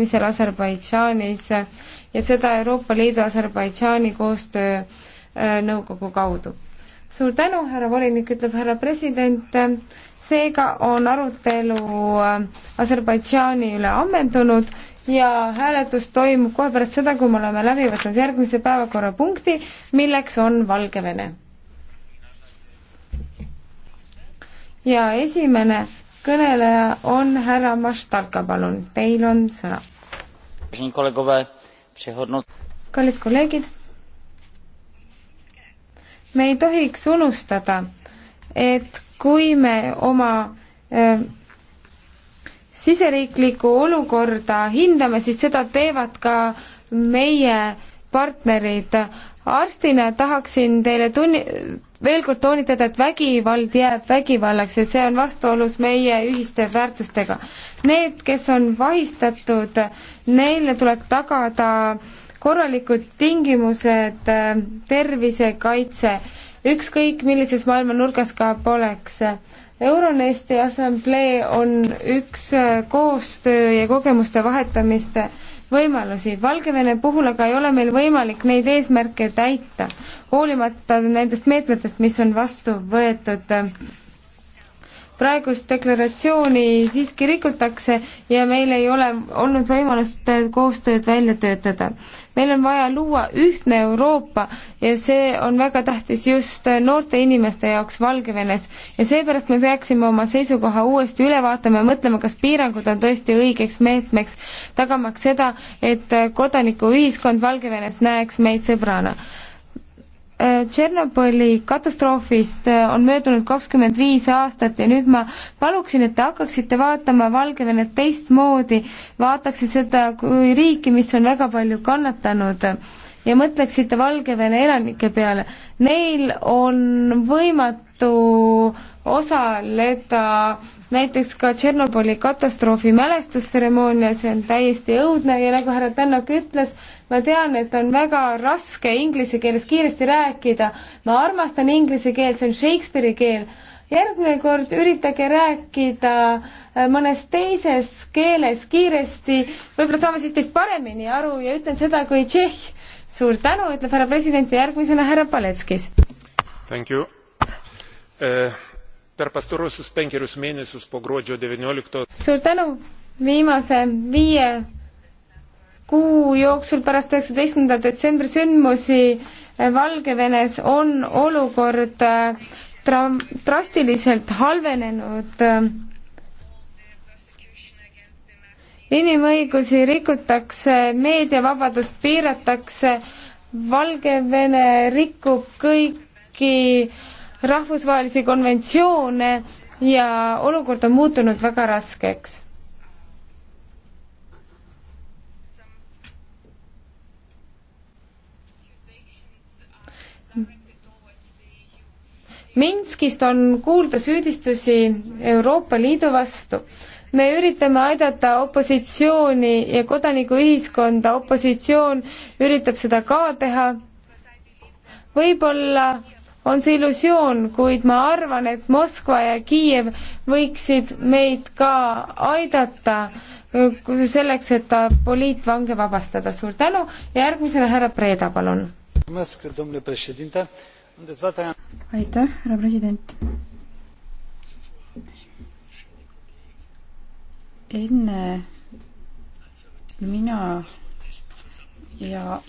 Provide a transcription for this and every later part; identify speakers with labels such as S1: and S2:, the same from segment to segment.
S1: järgmisel Aserbaidžaanis ja seda Euroopa Liidu Aserbaidžaani koostöö äh, nõukogu kaudu. suur tänu, härra volinik, ütleb härra president, seega on arutelu äh, Aserbaidžaani üle ammendunud ja hääletus toimub kohe pärast seda, kui me oleme läbi võtnud järgmise päevakorrapunkti, milleks on Valgevene. ja esimene kõneleja on härra Maštalka, palun, teil on sõna. kallid kolleegid, me ei tohiks unustada, et kui me oma äh, siseriiklikku olukorda hindame, siis seda teevad ka meie partnerid arstina tahaksin teile tunni-, veel kord toonitada, et vägivald jääb vägivallaks ja see on vastuolus meie ühiste väärtustega. Need, kes on vahistatud, neile tuleb tagada korralikud tingimused, äh, tervisekaitse, ükskõik millises maailma nurgas ka poleks. Euronesti assamblee on üks äh, koostöö ja kogemuste vahetamiste võimalusi. Valgevene puhul aga ei ole meil võimalik neid eesmärke täita, hoolimata nendest meetmetest, mis on vastu võetud. praegust deklaratsiooni siiski rikutakse ja meil ei ole olnud võimalust koostööd välja töötada meil on vaja luua ühtne Euroopa ja see on väga tähtis just noorte inimeste jaoks Valgevenes. ja seepärast me peaksime oma seisukoha uuesti üle vaatama ja mõtlema, kas piirangud on tõesti õigeks meetmeks, tagamaks seda, et kodanikuühiskond Valgevenes näeks meid sõbrana Äh, Tšernobõli katastroofist äh, on möödunud kakskümmend viis aastat ja nüüd ma paluksin, et te hakkaksite vaatama Valgevenet teistmoodi, vaataksite seda kui riiki, mis on väga palju kannatanud ja mõtleksite Valgevene elanike peale. Neil on võimatu osaleda näiteks ka Tšernobõli katastroofi mälestustseremoonias, see on täiesti õudne ja nagu härra Tänak ütles, ma tean, et on väga raske inglise keeles kiiresti rääkida, ma armastan inglise keelt, see on Shakespeare'i keel. järgmine kord üritage rääkida äh, mõnes teises keeles kiiresti, võib-olla saame siis teist paremini aru ja ütlen seda kui tšehh. suur tänu, ütleb härra president ja järgmisena härra Paletskis.
S2: Thank you uh per pastaruosius penkerius mėnesius po gruodžio 19
S1: viimase viie kuu jooksul pärast üheksateistkümnenda detsembri sündmusi eh, Valgevenes on olukord eh, tra-, drastiliselt halvenenud. inimõigusi rikutakse, meediavabadust piiratakse, Valgevene rikub kõiki rahvusvahelisi konventsioone ja olukord on muutunud väga raskeks Minskist on kuulda süüdistusi Euroopa Liidu vastu. me üritame aidata opositsiooni ja kodanikuühiskonda, opositsioon üritab seda ka teha. võib-olla on see illusioon, kuid ma arvan, et Moskva ja Kiiev võiksid meid ka aidata selleks, et ta poliitvange vabastada. suur tänu ja järgmisena härra Preeda, palun
S2: aitäh, härra president. enne mina ja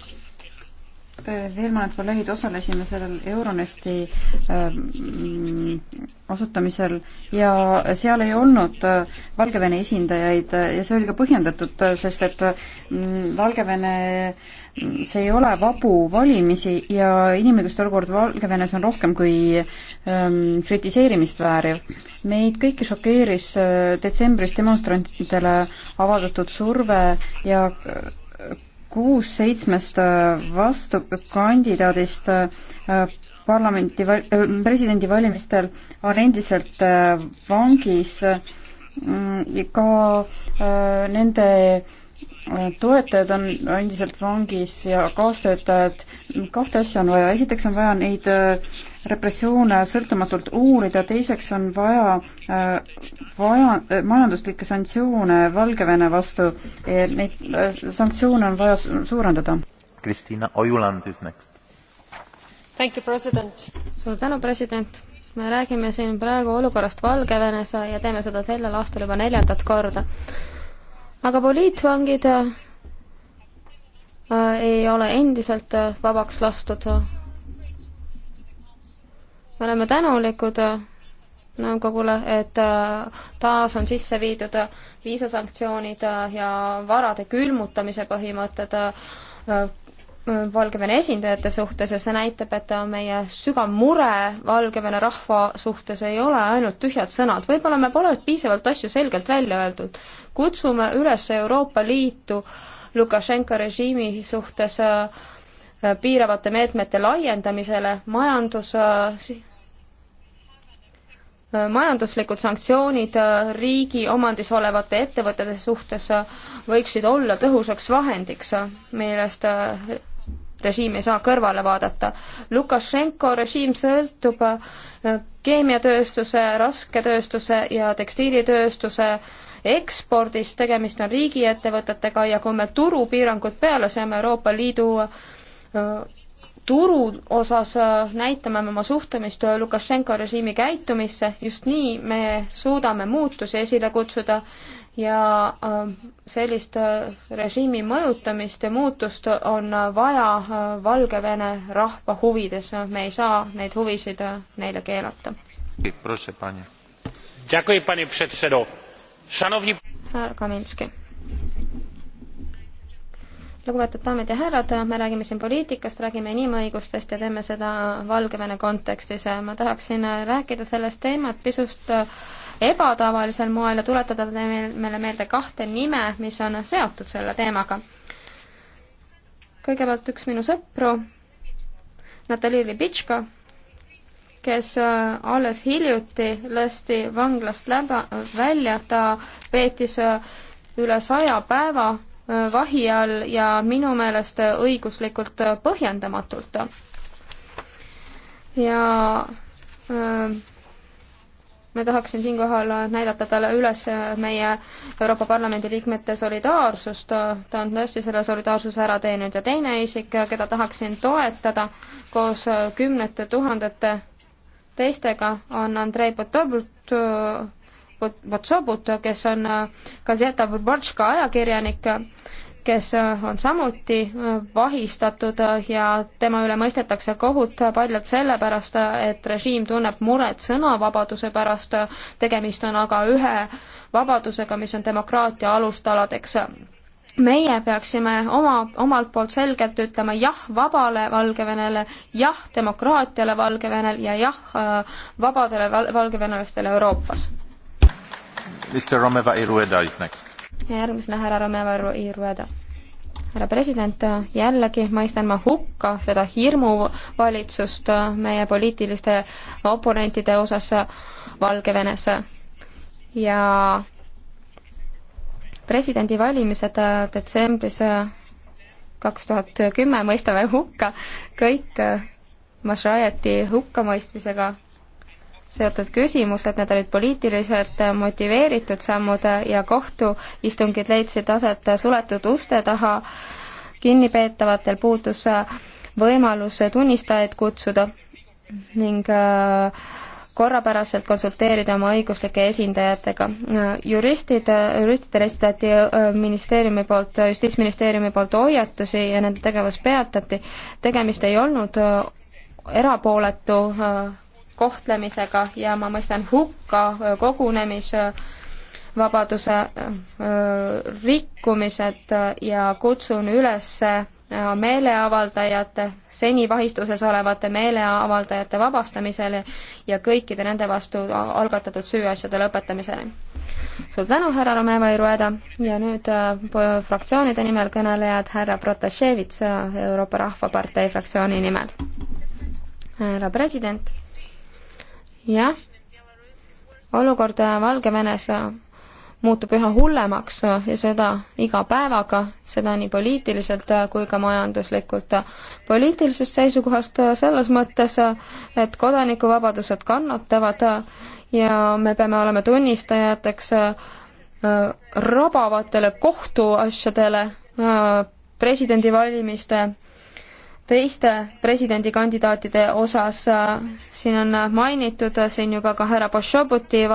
S2: Äh, veel mõned kolleegid osalesime sellel Euronesti asutamisel ähm, ja seal ei olnud äh, Valgevene esindajaid äh, ja see oli ka põhjendatud, sest et mm, Valgevenes mm, ei ole vabu valimisi ja inimõiguste olukord Valgevenes on rohkem kui ähm, kritiseerimist vääriv. meid kõiki šokeeris detsembris demonstrantidele avaldatud surve ja kuus seitsmest äh, vastukandidaadist äh, parlamenti, äh, presidendivalimistel on endiselt vangis mm, ka nende toetajad on endiselt vangis ja kaastöötajad, kahte asja on vaja, esiteks on vaja neid äh, repressioone sõltumatult uurida, teiseks on vaja äh, vaja, äh, majanduslikke sanktsioone Valgevene vastu, neid sanktsioone on vaja suurendada. Kristina Ojuland is next.
S3: Thank you, president. suur tänu, president me räägime siin praegu olukorrast Valgevenes ja teeme seda sellel aastal juba neljandat korda aga poliitvangid äh, äh, ei ole endiselt äh, vabaks lastud. me oleme tänulikud nõukogule, et taas on sisse viidud viisasanktsioonid ja varade külmutamise põhimõtted Valgevene esindajate suhtes ja see näitab, et meie sügav mure Valgevene rahva suhtes ei ole ainult tühjad sõnad. võib-olla me pole piisavalt asju selgelt välja öeldud kutsume üles Euroopa Liitu Lukašenka režiimi suhtes äh, piiravate meetmete laiendamisele, majandus, äh, majanduslikud sanktsioonid äh, riigi omandis olevate ettevõtete suhtes võiksid olla tõhusaks vahendiks, millest režiim ei saa kõrvale vaadata. Lukašenko režiim sõltub keemiatööstuse, rasketööstuse ja tekstiilitööstuse ekspordist, tegemist on riigiettevõtetega ja kui me turupiirangud peale seame Euroopa Liidu turu osas näitame me oma suhtumist Lukašenko režiimi käitumisse, just nii me suudame muutusi esile kutsuda ja sellist režiimi mõjutamist ja muutust on vaja Valgevene rahva huvides, me ei saa neid huvisid neile keelata härra Kaminski. lugupeetud daamid ja härrad, me räägime siin poliitikast, räägime inimõigustest ja teeme seda Valgevene kontekstis. ma tahaksin rääkida sellest teemat pisut ebatavalisel moel ja tuletada meile meelde kahte nime, mis on seotud selle teemaga. kõigepealt üks minu sõpru, Natalja Libitško kes äh, alles hiljuti lasti vanglast läba, välja, ta veetis äh, üle saja päeva äh, vahi all ja minu meelest õiguslikult põhjendamatult. ja öö, ma tahaksin siinkohal näidata talle üles meie Euroopa Parlamendi liikmete solidaarsust, ta on tõesti selle solidaarsuse ära teeninud ja teine isik, keda tahaksin toetada koos kümnete tuhandete teistega on Andrei Potobut, Potsobut, kes on Gazeta äh, Vrbatška ajakirjanik, kes äh, on samuti äh, vahistatud ja tema üle mõistetakse kohut paljalt sellepärast, et režiim tunneb muret sõnavabaduse pärast, tegemist on aga ühe vabadusega, mis on demokraatia alustaladeks meie peaksime oma, omalt poolt selgelt ütlema jah vabale Valgevenele, jah demokraatiale Valgevenel ja jah äh, vabadele val-, valgevenelastele Euroopas. järgmisena härra Romeva Irueda härra president, äh, jällegi mõistan ma hukka seda hirmuvalitsust äh, meie poliitiliste oponentide osas Valgevenes ja presidendivalimised äh, detsembris äh, kaks tuhat kümme mõistame hukka kõik äh, Masrajati hukkamõistmisega seotud küsimused, need olid poliitiliselt motiveeritud sammud ja kohtuistungid leidsid aset suletud uste taha, kinnipeetavatel puudus võimalus tunnistajaid kutsuda ning äh, korrapäraselt konsulteerida oma õiguslike esindajatega. juristid, juristidele esitati äh, ministeeriumi poolt, Justiitsministeeriumi poolt hoiatusi ja nende tegevus peatati. tegemist ei olnud äh, erapooletu äh, kohtlemisega ja ma mõistan hukka kogunemisvabaduse rikkumised ja kutsun üles meeleavaldajate, seni vahistuses olevate meeleavaldajate vabastamisele ja kõikide nende vastu algatatud süüasjade lõpetamisele. suur tänu, härra Romeva Irueda ja nüüd äh, fraktsioonide nimel kõnelejad, härra Protasevits äh, Euroopa Rahvapartei fraktsiooni nimel. härra president, jah, olukord äh, Valgevenes äh, muutub üha hullemaks äh, ja seda iga päevaga, seda nii poliitiliselt äh, kui ka majanduslikult. poliitilisest seisukohast äh, selles mõttes, et kodanikuvabadused kannatavad ja me peame olema tunnistajateks rabavatele kohtuasjadele presidendivalimiste teiste presidendikandidaatide osas äh, siin on mainitud äh, siin juba ka härra Pošobuti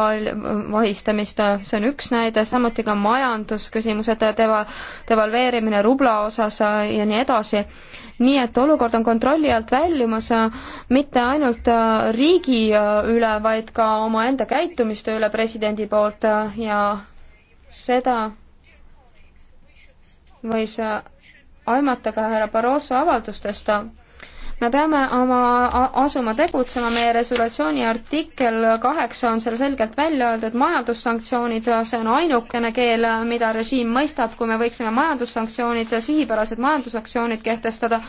S3: vahistamist, äh, see on üks näide, samuti ka majandusküsimused, deva-, devalveerimine rubla osas ja nii edasi. nii et olukord on kontrolli alt väljumas mitte ainult riigi üle, vaid ka omaenda käitumiste üle presidendi poolt ja seda võis aimata ka härra Barroso avaldustest. me peame oma, asuma tegutsema, meie resolutsiooni artikkel kaheksa on seal selgelt välja öeldud, majandussanktsioonid, see on ainukene keel, mida režiim mõistab, kui me võiksime majandussanktsioonid, sihipärased majandussanktsioonid kehtestada,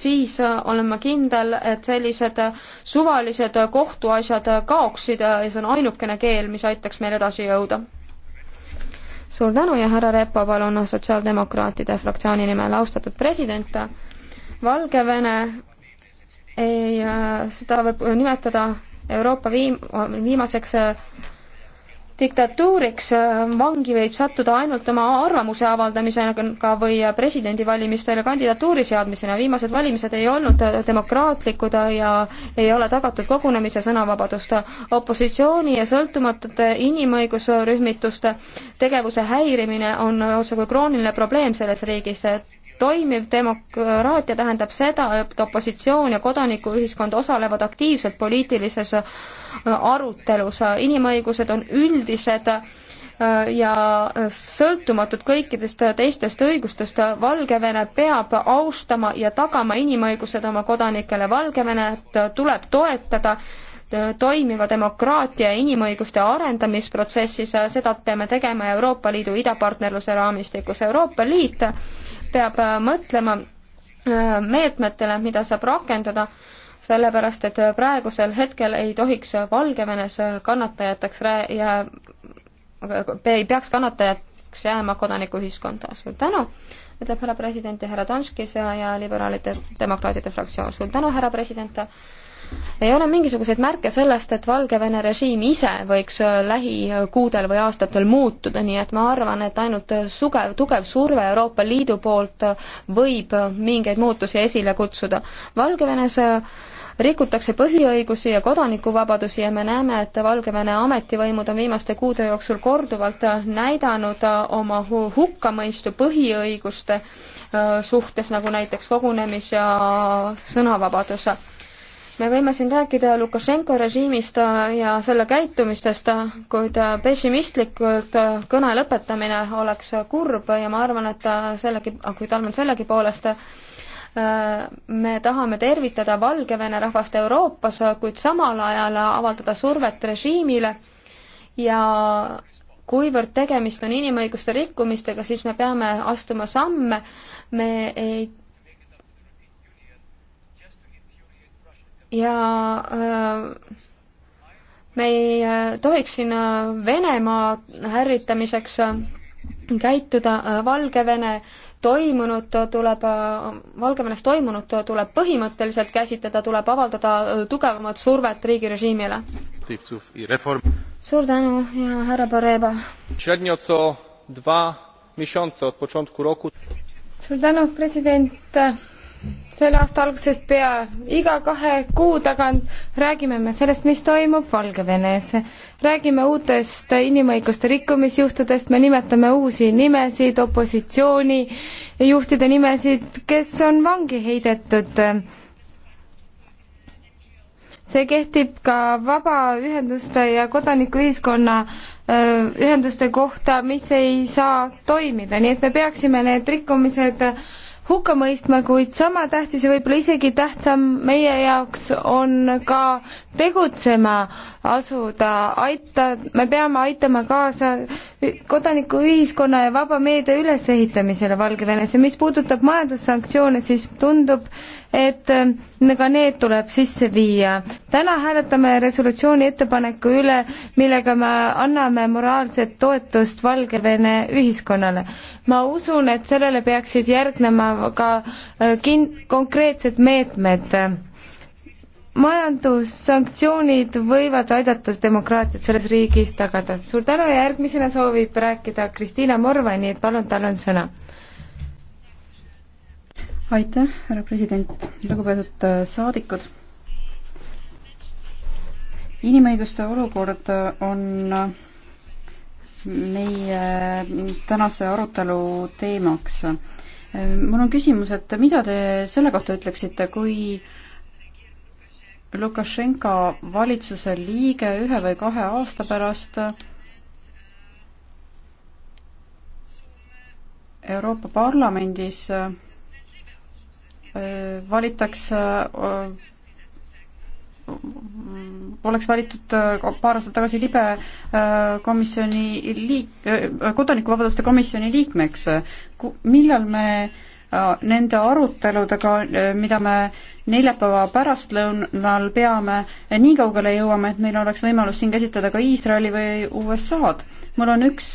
S3: siis olen ma kindel, et sellised suvalised kohtuasjad kaoksid ja see on ainukene keel, mis aitaks meil edasi jõuda suur tänu ja härra Repo, palun Sotsiaaldemokraatide fraktsiooni nimel, austatud president. Valgevene ei, äh, seda võib nimetada Euroopa viim-, viimaseks äh, diktatuuriks äh, vangi võib sattuda ainult oma arvamuse avaldamisega või äh, presidendivalimistele kandidatuuri seadmisena. viimased valimised ei olnud äh, demokraatlikud ja ei ole tagatud kogunemise sõnavabadust. opositsiooni ja sõltumatute inimõigusrühmituste tegevuse häirimine on otsekui krooniline probleem selles riigis toimiv demokraatia tähendab seda, et opositsioon ja kodanikuühiskond osalevad aktiivselt poliitilises äh, arutelus, inimõigused on üldised äh, ja sõltumatud kõikidest teistest õigustest, Valgevene peab austama ja tagama inimõigused oma kodanikele, Valgevenet tuleb toetada äh, toimiva demokraatia ja inimõiguste arendamisprotsessis, seda peame tegema Euroopa Liidu idapartnerluse raamistikus, Euroopa Liit peab äh, mõtlema äh, meetmetele, mida saab rakendada, sellepärast et äh, praegusel hetkel ei tohiks Valgevenes kannatajateks rää- ja ei peaks kannatajat peaks jääma kodanikuühiskonda. suur tänu, ütleb härra president ja härra Donskis ja, ja liberaalide demokraatide fraktsioon. suur tänu, härra president. ei ole mingisuguseid märke sellest, et Valgevene režiim ise võiks äh, lähikuudel või aastatel muutuda, nii et ma arvan, et ainult sugev, tugev surve Euroopa Liidu poolt äh, võib äh, mingeid muutusi esile kutsuda. Valgevenes rikutakse põhiõigusi ja kodanikuvabadusi ja me näeme, et Valgevene ametivõimud on viimaste kuude jooksul korduvalt näidanud oma hukkamõistu põhiõiguste suhtes, nagu näiteks kogunemis- ja sõnavabadus. me võime siin rääkida Lukašenko režiimist ja selle käitumistest, kuid pessimistlikult kõne lõpetamine oleks kurb ja ma arvan, et sellegi, kuid arvan sellegipoolest, me tahame tervitada Valgevene rahvast Euroopas, kuid samal ajal avaldada survet režiimile ja kuivõrd tegemist on inimõiguste rikkumistega, siis me peame astuma samme, me ei ja äh, me ei äh, tohiks siin äh, Venemaa ärritamiseks äh, käituda Valgevene toimunut tuleb, Valgevenes toimunut tuleb põhimõtteliselt käsitleda, tuleb avaldada äh, tugevamat survet riigirežiimile. suur tänu ja härra Pareba.
S2: suur
S1: tänu, president selle aasta algusest pea iga kahe kuu tagant räägime me sellest, mis toimub Valgevenes. räägime uutest inimõiguste rikkumisjuhtudest, me nimetame uusi nimesid, opositsioonijuhtide nimesid, kes on vangi heidetud. see kehtib ka vabaühenduste ja kodanikuühiskonna ühenduste kohta, mis ei saa toimida, nii et me peaksime need rikkumised hukka mõistma, kuid sama tähtis ja võib-olla isegi tähtsam meie jaoks on ka tegutsema asuda, aita, me peame aitama kaasa kodanikuühiskonna ja vaba meedia ülesehitamisele Valgevenes ja mis puudutab majandussanktsioone, siis tundub, et äh, ka need tuleb sisse viia. täna hääletame resolutsiooni ettepaneku üle, millega me anname moraalset toetust Valgevene ühiskonnale. ma usun, et sellele peaksid järgnema ka äh, kin-, konkreetsed meetmed. majandussanktsioonid võivad aidata demokraatiat selles riigis tagada. suur tänu ja järgmisena soovib rääkida Kristiina Morva, nii et palun, tal on sõna.
S2: aitäh, härra president, lugupeetud äh, saadikud. inimõiguste olukord äh, on meie tänase arutelu teemaks mul on küsimus, et mida te selle kohta ütleksite, kui Lukašenka valitsuse liige ühe või kahe aasta pärast Euroopa Parlamendis äh, valitakse äh, oleks valitud äh, paar aastat tagasi libe äh, komisjoni liik-, äh, kodanikuvabaduste komisjoni liikmeks. millal me nende aruteludega, mida me neljapäeva pärastlõunal peame, nii kaugele jõuame, et meil oleks võimalus siin käsitleda ka Iisraeli või USA-d. mul on üks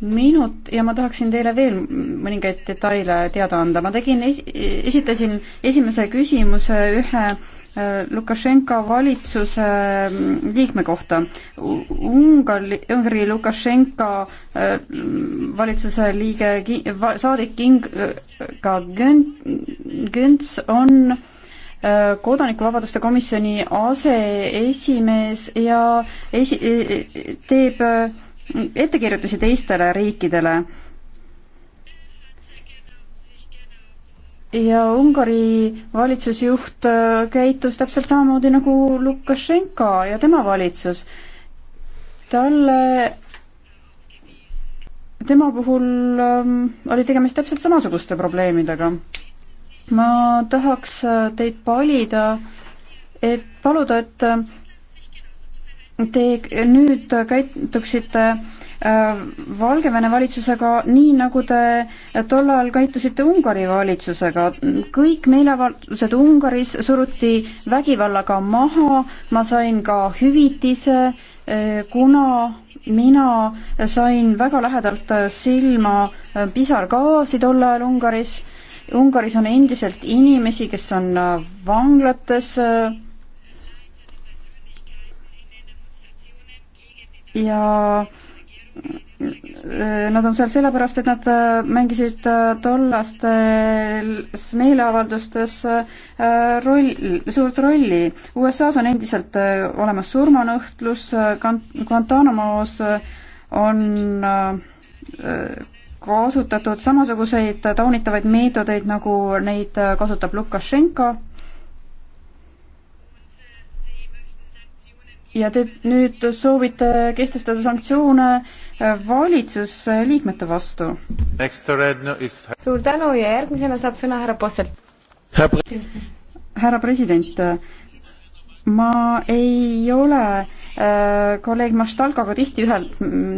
S2: minut ja ma tahaksin teile veel mõningaid detaile teada anda. ma tegin, esitasin esimese küsimuse ühe äh, Äh, Lukašenka valitsuse mm, liikme kohta. Ungari, Ungari Lukašenka äh, mm, valitsuse liige, saadik Inga äh, Günts on kodanikuvabaduste komisjoni aseesimees ja esi-, e-, e-, teeb ettekirjutusi teistele riikidele ja Ungari valitsusjuht äh, käitus täpselt samamoodi nagu Lukašenka ja tema valitsus. talle, tema puhul ähm, oli tegemist täpselt samasuguste probleemidega. ma tahaks äh, teid palida, et paluda, et äh, te nüüd käituksite äh, Valgevene valitsusega nii, nagu te tollal käitusite Ungari valitsusega. kõik meeleavaldused Ungaris suruti vägivallaga maha, ma sain ka hüvitise, äh, kuna mina sain väga lähedalt silma äh, pisargaasi tol ajal Ungaris. Ungaris on endiselt inimesi, kes on vanglates ja äh, Nad on seal sellepärast, et nad äh, mängisid äh, tollastes meeleavaldustes roll, suurt rolli. USA-s on endiselt olemas surmanõhtlus, Guantanamos on kasutatud samasuguseid taunitavaid meetodeid, nagu neid kasutab Lukašenka ja te nüüd soovite kehtestada sanktsioone äh, valitsusliikmete vastu. Is... suur tänu ja järgmisena saab sõna härra Posselt. härra president, ma ei ole äh, kolleeg Maštalkaga tihti ühel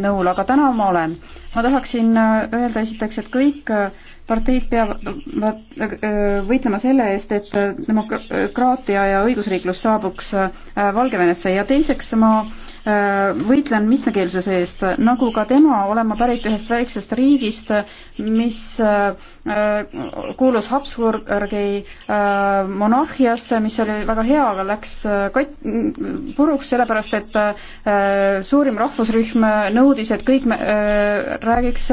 S2: nõul, aga täna ma olen. ma tahaksin äh, öelda esiteks, et kõik äh, parteid peavad äh, äh, võitlema selle eest, et äh, demokraatia ja õigusriiklus saabuks Valgevenesse ja teiseks ma võitlen mitmekeelsuse eest, nagu ka tema, olen ma pärit ühest väiksest riigist, mis kuulus Habsburgi monarhiasse, mis oli väga hea, aga läks kat-, puruks, sellepärast et suurim rahvusrühm nõudis, et kõik räägiks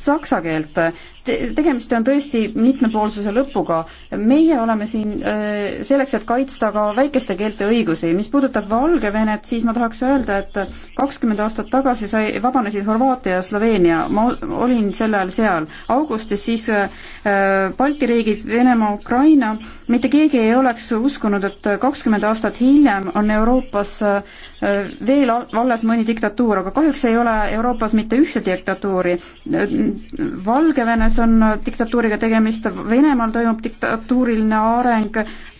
S2: saksa keelt tegemist on tõesti mitmepoolsuse lõpuga. meie oleme siin äh, selleks, et kaitsta ka väikeste keelte õigusi. mis puudutab Valgevenet, siis ma tahaks öelda, et kakskümmend aastat tagasi sai, vabanesid Horvaatia ja Sloveenia, ma olin sel ajal seal. augustis siis äh, Balti riigid, Venemaa, Ukraina, mitte keegi ei oleks uskunud, et kakskümmend aastat hiljem on Euroopas äh, veel alles mõni diktatuur, aga kahjuks ei ole Euroopas mitte ühte diktatuuri. Valgevenes Valgevenes on diktatuuriga tegemist, Venemaal toimub diktatuuriline areng,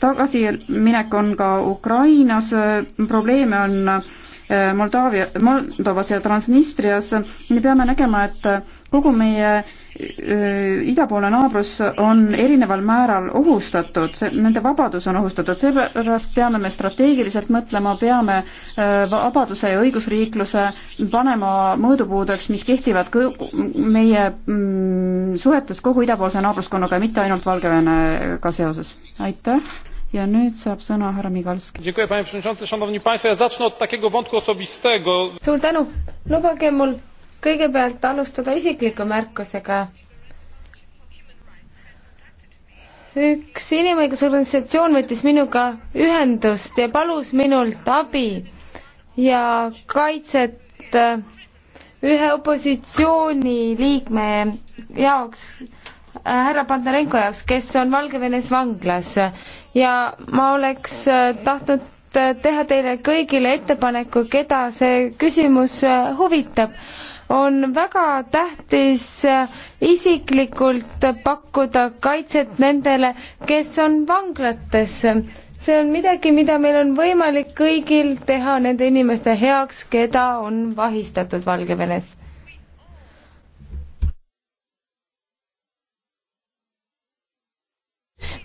S2: tagasiminek on ka Ukrainas, probleeme on äh, Moldaavia, Moldovas ja Transnistrias, me peame nägema, et kogu meie Äh, idapoolne naabrus on erineval määral ohustatud, nende vabadus on ohustatud, seepärast peame me strateegiliselt mõtlema, peame äh, vabaduse ja õigusriikluse panema mõõdupuudeks, mis kehtivad meie mm, suhetes kogu idapoolse naabruskonnaga ja mitte ainult Valgevenega seoses. aitäh ja nüüd saab sõna härra Migalski. suur tänu,
S1: lubage mul kõigepealt alustada isikliku märkusega. üks inimõiguse organisatsioon võttis minuga ühendust ja palus minult abi ja kaitset äh, ühe opositsiooniliikme jaoks, äh, härra Pantarenko jaoks, kes on Valgevenes vanglas ja ma oleks äh, tahtnud teha teile kõigile ettepaneku, keda see küsimus huvitab on väga tähtis isiklikult pakkuda kaitset nendele, kes on vanglates. see on midagi, mida meil on võimalik kõigil teha nende inimeste heaks, keda on vahistatud Valgevenes.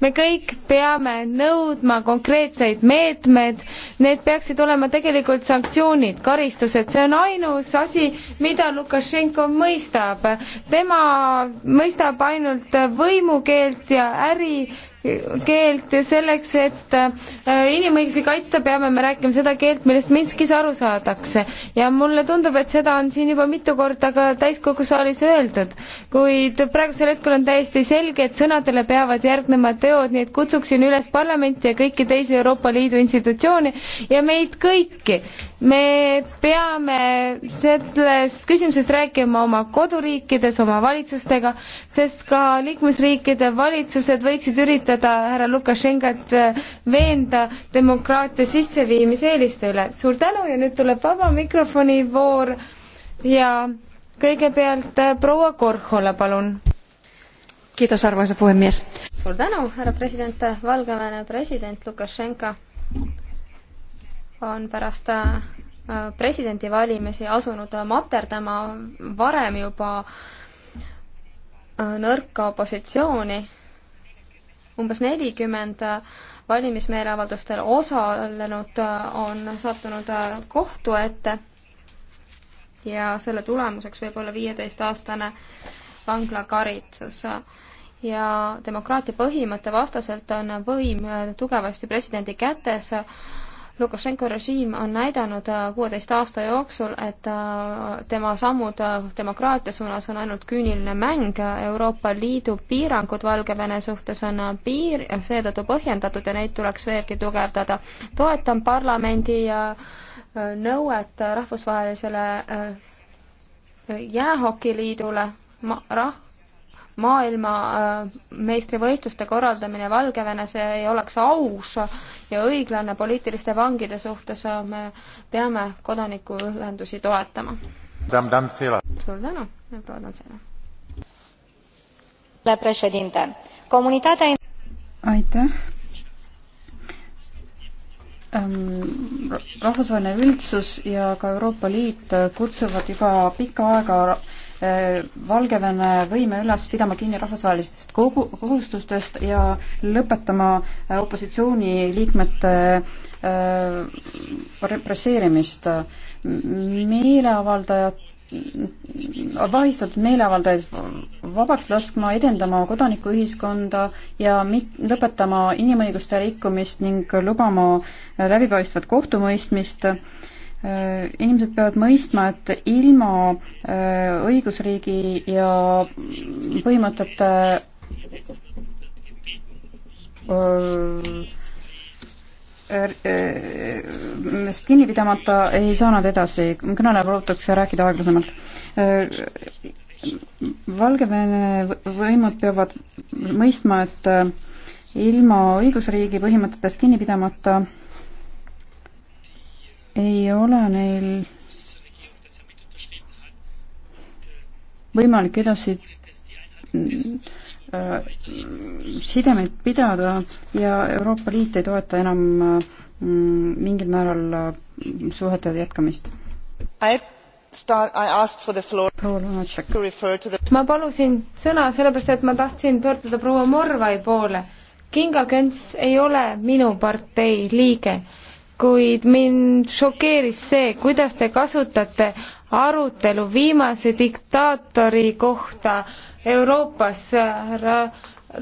S1: me kõik peame nõudma konkreetseid meetmeid, need peaksid olema tegelikult sanktsioonid, karistused, see on ainus asi, mida Lukašenko mõistab. tema mõistab ainult võimukeelt ja äri keelt ja selleks, et äh, inimõigusi kaitsta, peame me rääkima seda keelt, millest Minskis aru saadakse. ja mulle tundub, et seda on siin juba mitu korda ka täiskogu saalis öeldud, kuid praegusel hetkel on täiesti selge, et sõnadele peavad järgnema teod, nii et kutsuksin üles parlamenti ja kõiki teisi Euroopa Liidu institutsioone ja meid kõiki me peame sellest küsimusest rääkima oma koduriikides, oma valitsustega, sest ka liikmesriikide valitsused võiksid üritada härra Lukašenkat äh, veenda demokraatia sisseviimise eeliste üle. suur tänu ja nüüd tuleb vaba mikrofoni voor ja kõigepealt äh, proua Korhola, palun.
S2: Kiitos, arvoisa puhemies.
S3: suur tänu, härra president, Valgevene president Lukašenka on pärast äh, presidendivalimisi asunud materdama varem juba äh, nõrka opositsiooni. umbes nelikümmend äh, valimismeeleavaldustel osalenud on sattunud kohtu ette ja selle tulemuseks võib olla viieteistaastane vanglakaritsus ja demokraatia põhimõtte vastaselt on võim tugevasti presidendi kätes Lukašenko režiim on näidanud äh, kuueteist aasta jooksul, et äh, tema sammud äh, demokraatia suunas on ainult küüniline mäng, Euroopa Liidu piirangud Valgevene suhtes on piir, seetõttu põhjendatud ja neid tuleks veelgi tugevdada. toetan parlamendi nõuet rahvusvahelisele jäähokiliidule, rah-, maailmameistrivõistluste äh, korraldamine Valgevenes ei oleks aus ja õiglane poliitiliste vangide suhtes, äh, me peame kodanikuühendusi toetama. suur tänu, proua Tansela.
S2: aitäh ähm, rahvusvaheline üldsus ja ka Euroopa Liit kutsuvad juba pikka aega Äh, Valgevene võime üles pidama kinni rahvusvahelistest kogu-, kohustustest ja lõpetama äh, opositsiooniliikmete äh, represseerimist. meeleavaldajad vahistatud meeleavaldajaid vabaks laskma, edendama kodanikuühiskonda ja mit-, lõpetama inimõiguste rikkumist ning lubama läbipaistvat kohtumõistmist äh, inimesed peavad mõistma, et ilma äh, õigusriigi ja põhimõtete millest äh, äh, kinni pidamata ei saa nad edasi, kõneleja palutakse rääkida aeglasemalt. Valgevene võimud peavad mõistma, et ilma õigusriigi põhimõtetest kinni pidamata ei ole neil võimalik edasi äh, sidemeid pidada ja Euroopa Liit ei toeta enam äh, mingil määral äh, suhete jätkamist.
S1: ma palusin sõna sellepärast, et ma tahtsin pöörduda proua Morvai poole. Kinga Köns ei ole minu partei liige kuid mind šokeeris see, kuidas te kasutate arutelu viimase diktaatori kohta Euroopas härra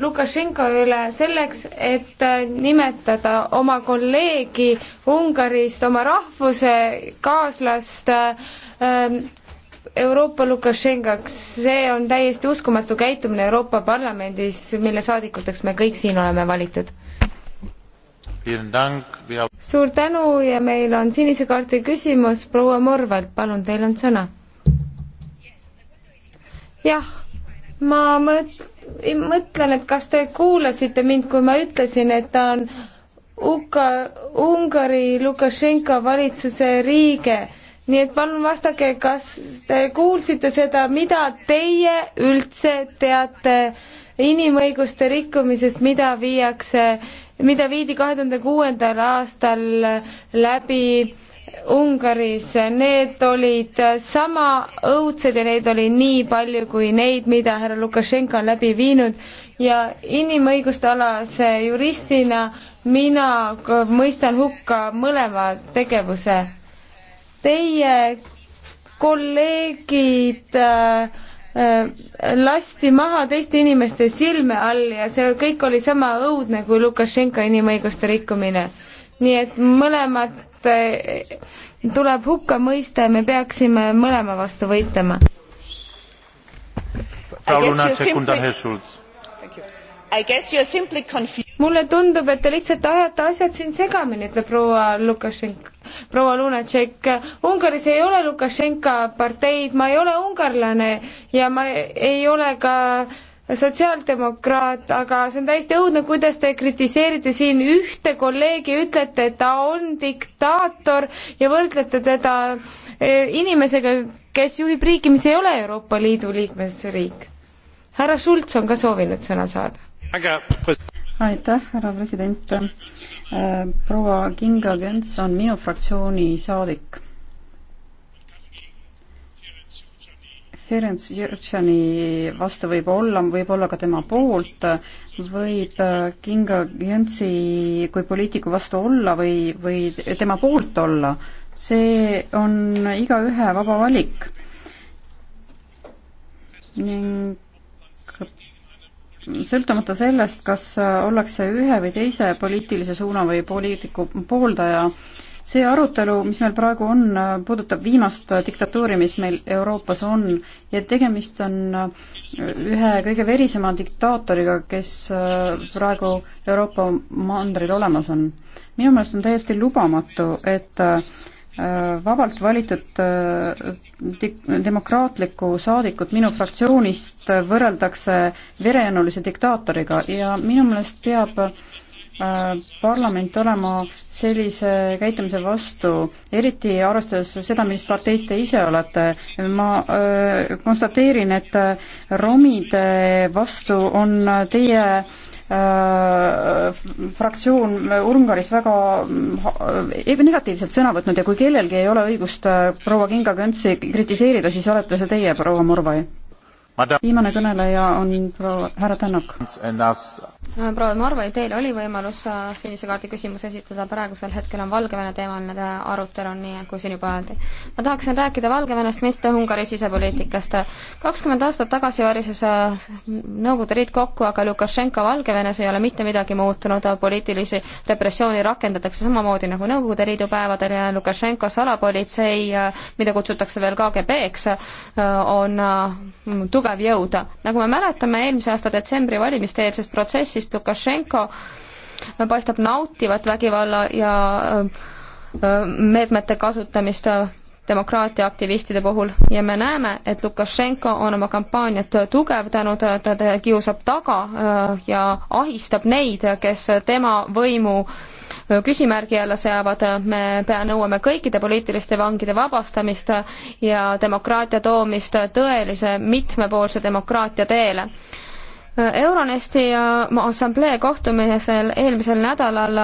S1: Lukašenko üle selleks, et äh, nimetada oma kolleegi Ungarist, oma rahvuse kaaslast ähm, Euroopa Lukašenkaks, see on täiesti uskumatu käitumine Euroopa Parlamendis, mille saadikuteks me kõik siin oleme valitud suur tänu ja meil on sinise kaardi küsimus, proua Morvalt, palun, teil on sõna. jah, ma mõtlen, et kas te kuulasite mind, kui ma ütlesin, et ta on Uka, Ungari Lukašenka valitsuse riige nii et palun vastake, kas te kuulsite seda, mida teie üldse teate inimõiguste rikkumisest, mida viiakse, mida viidi kahe tuhande kuuendal aastal läbi Ungaris, need olid sama õudsed ja neid oli nii palju kui neid, mida härra Lukašenka on läbi viinud ja inimõiguste alase juristina mina mõistan hukka mõlema tegevuse teie kolleegid äh, äh, lasti maha teiste inimeste silme all ja see kõik oli sama õudne kui Lukašenka inimõiguste rikkumine. nii et mõlemat äh, tuleb hukka mõista ja me peaksime mõlema vastu võitlema.
S2: Pauluna Secunda
S1: Results mulle tundub, et te lihtsalt ajate asjad siin segamini, ütleb proua Lukašenko, proua Lunatšek. Ungaris ei ole Lukašenka parteid, ma ei ole ungarlane ja ma ei ole ka sotsiaaldemokraat, aga see on täiesti õudne, kuidas te kritiseerite siin ühte kolleegi, ütlete, et ta on diktaator ja võrdlete teda e, inimesega, kes juhib riiki, mis ei ole Euroopa Liidu liikmesriik. härra Schulz on ka soovinud sõna saada
S2: aitäh, härra president. Äh, proua Kinga Gens on minu fraktsiooni saadik. Ferenc Jürtšani vastu võib olla, võib olla ka tema poolt, võib äh, Kinga Jentsi kui poliitiku vastu olla või, või tema poolt olla. see on igaühe vaba valik. ning sõltumata sellest, kas ollakse ühe või teise poliitilise suuna või poliitiku pooldaja, see arutelu, mis meil praegu on, puudutab viimast diktatuuri, mis meil Euroopas on ja tegemist on ühe kõige verisema diktaatoriga, kes praegu Euroopa mandril olemas on. minu meelest on täiesti lubamatu, et Äh, vabalt valitud äh, demokraatlikku saadikut minu fraktsioonist äh, võrreldakse verejanulise diktaatoriga ja minu meelest peab parlament olema sellise käitumise vastu, eriti arvestades seda, millist parteist te ise olete. ma öö, konstateerin, et romide vastu on teie öö, Äh, fraktsioon Ungaris väga mm, äh, negatiivselt sõna võtnud ja kui kellelgi ei ole õigust äh, proua Kinga Köntsi kritiseerida, siis olete see teie, proua Morvai. viimane kõneleja on proua härra Tänak
S3: proua Marve, teil oli võimalus äh, sinise kaardi küsimus esitada, praegusel hetkel on Valgevene teemaline äh, arutelu, nii kui siin juba öeldi. ma tahaksin rääkida Valgevenest, mitte Ungari sisepoliitikast. kakskümmend aastat tagasi varises äh, Nõukogude Liit kokku, aga Lukašenka Valgevenes ei ole mitte midagi muutunud, poliitilisi repressiooni rakendatakse samamoodi nagu Nõukogude Liidu päevadel ja Lukašenka salapolitsei, mida kutsutakse veel KGB-ks, on tugev jõud. nagu me mäletame, eelmise aasta detsembri valimiste eelsest protsessist terrorist Lukašenko paistab nautivat vägivalla ja äh, meetmete kasutamist äh, demokraatia aktivistide puhul ja me näeme, et Lukašenko on oma kampaaniat tugevdanud, äh, ta kiusab taga ja ahistab neid, kes tema võimu küsimärgi alla seavad, me pea nõuame kõikide poliitiliste vangide vabastamist ja demokraatia toomist tõelise mitmepoolse demokraatia teele. Euronesti assamblee kohtumisel eelmisel nädalal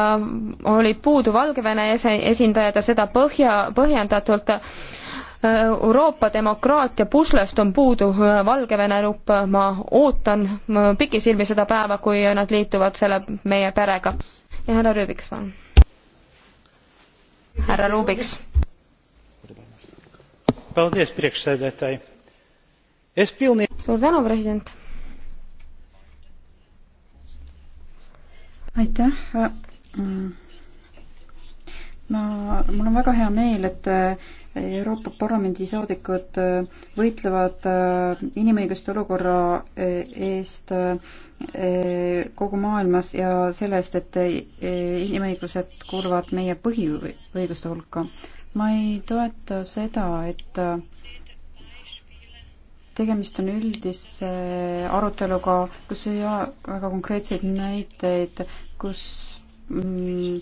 S3: oli puudu Valgevene esindajad ja seda põhja, põhjendatult Euroopa demokraatia puslest on puudu Valgevene nupp, ma ootan ma pikisilmi seda päeva, kui nad liituvad selle meie perega. ja härra Rüübiks, palun. härra Ruubiks. suur tänu, president
S2: aitäh äh, mm. ma, mul on väga hea meel, et äh, Euroopa Parlamendi saadikud äh, võitlevad inimõiguste olukorra eest kogu maailmas ja selle eest, et inimõigused kuuluvad meie põhiõiguste hulka. ma ei toeta seda, et tegemist on üldise aruteluga, kus ei ole väga konkreetseid näiteid, kus mm,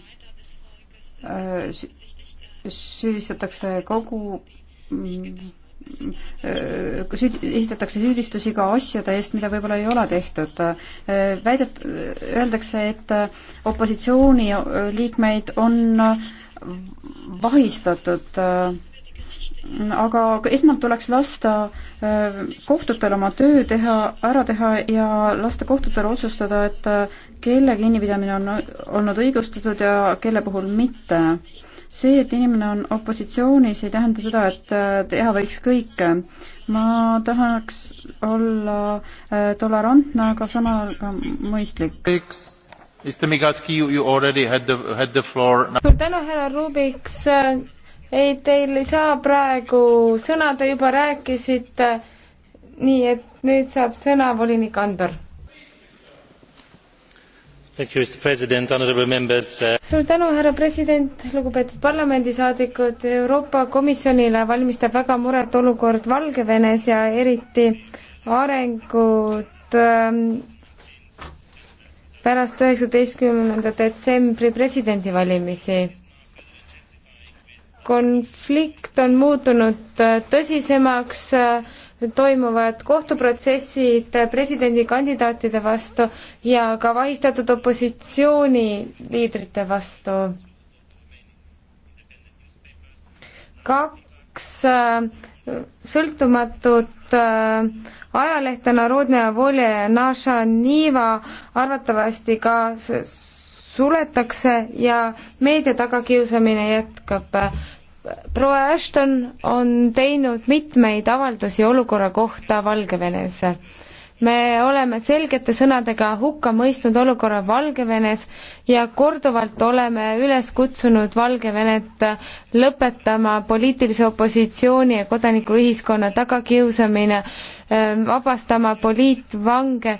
S2: äh, süüdistatakse kogu mm, äh, süüd-, esitatakse süüdistusi ka asjade eest, mida võib-olla ei ole tehtud. Väidet-, öeldakse, et opositsiooniliikmeid on vahistatud äh, aga esmalt tuleks lasta äh, kohtutel oma töö teha, ära teha ja lasta kohtutel otsustada, et äh, kelle kinnipidamine on olnud õigustatud ja kelle puhul mitte. see, et inimene on opositsioonis, ei tähenda seda, et äh, teha võiks kõike. ma tahaks olla tolerantne, aga samal ka mõistlik suur tänu
S1: härra Rubiks ei, teil ei saa praegu sõna, te juba rääkisite, nii et nüüd saab sõna volinik Andor.
S3: Uh, suur
S1: tänu, härra president, lugupeetud parlamendisaadikud, Euroopa Komisjonile valmistab väga muret olukord Valgevenes ja eriti arengud ähm, pärast üheksateistkümnenda detsembri presidendivalimisi konflikt on muutunud äh, tõsisemaks, äh, toimuvad kohtuprotsessid äh, presidendikandidaatide vastu ja ka vahistatud opositsiooniliidrite vastu. kaks sõltumatut ajalehte Narodne Volje ja Naša Niva arvatavasti ka suletakse ja meedia tagakiusamine jätkab proua Ashton on teinud mitmeid avaldusi olukorra kohta Valgevenes. me oleme selgete sõnadega hukka mõistnud olukorra Valgevenes ja korduvalt oleme üles kutsunud Valgevenet lõpetama poliitilise opositsiooni ja kodanikuühiskonna tagakiusamine, ähm, vabastama poliitvange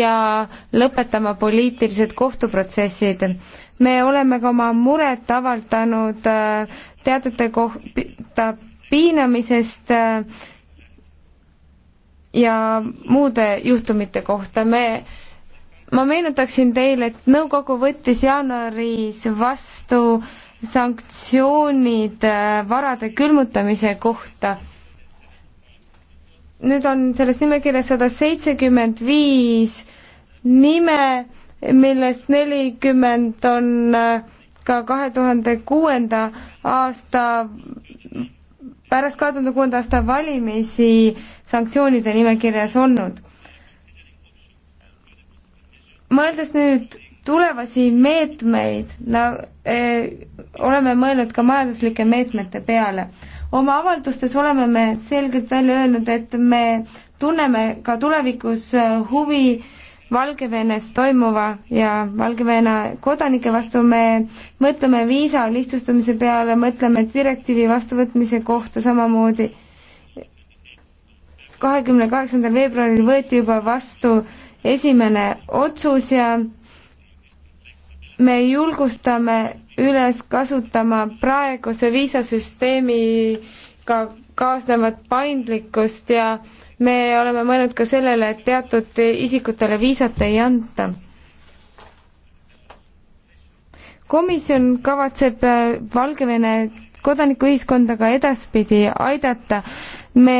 S1: ja lõpetama poliitilised kohtuprotsessid me oleme ka oma muret avaldanud äh, teadete kohta piinamisest äh, ja muude juhtumite kohta. me, ma meenutaksin teile, et nõukogu võttis jaanuaris vastu sanktsioonid äh, varade külmutamise kohta nüüd on selles nimekirjas sada seitsekümmend viis nime, millest nelikümmend on äh, ka kahe tuhande kuuenda aasta, pärast kahe tuhande kuuenda aasta valimisi sanktsioonide nimekirjas olnud. mõeldes nüüd tulevasi meetmeid, no eh, oleme mõelnud ka majanduslike meetmete peale. oma avaldustes oleme me selgelt välja öelnud, et me tunneme ka tulevikus eh, huvi eh, Valgevenes toimuva ja Valgevene kodanike vastu, me mõtleme viisa lihtsustamise peale, mõtleme direktiivi vastuvõtmise kohta samamoodi. kahekümne kaheksandal veebruaril võeti juba vastu esimene otsus ja me julgustame üles kasutama praeguse viisasüsteemiga kaasnevat paindlikkust ja äh, me oleme mõelnud ka sellele, et teatud isikutele viisat ei anta. komisjon kavatseb äh, Valgevene kodanikuühiskonda ka edaspidi aidata. me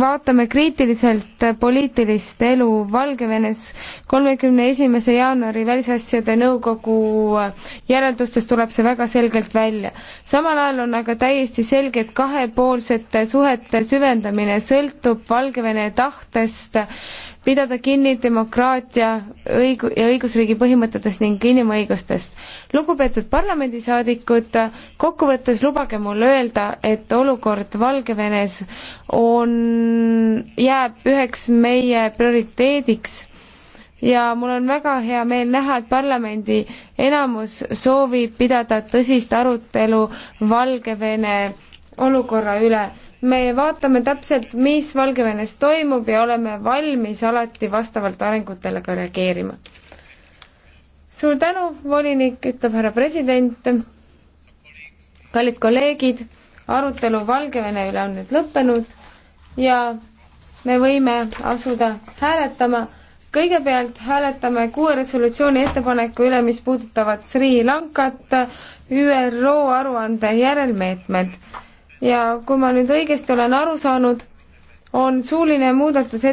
S1: vaatame kriitiliselt poliitilist elu Valgevenes. kolmekümne esimese jaanuari Välisasjade Nõukogu järeldustes tuleb see väga selgelt välja. samal ajal on aga täiesti selge, et kahepoolsete suhete süvendamine sõltub Valgevene tahtest pidada kinni demokraatia õigu- ja õigusriigi põhimõtetest ning inimõigustest. lugupeetud parlamendisaadikud, kokkuvõttes lubage mul öelda, et olukord Valgevenes on, jääb üheks meie prioriteediks ja mul on väga hea meel näha, et parlamendi enamus soovib pidada tõsist arutelu Valgevene olukorra üle me vaatame täpselt, mis Valgevenes toimub ja oleme valmis alati vastavalt arengutele ka reageerima. suur tänu, volinik, ütleb härra president. kallid kolleegid, arutelu Valgevene üle on nüüd lõppenud ja me võime asuda hääletama. kõigepealt hääletame kuue resolutsiooni ettepaneku üle, mis puudutavad Sri Lankat, ÜRO aruande järelmeetmed ja kui ma nüüd õigesti olen aru saanud, on suuline muudatus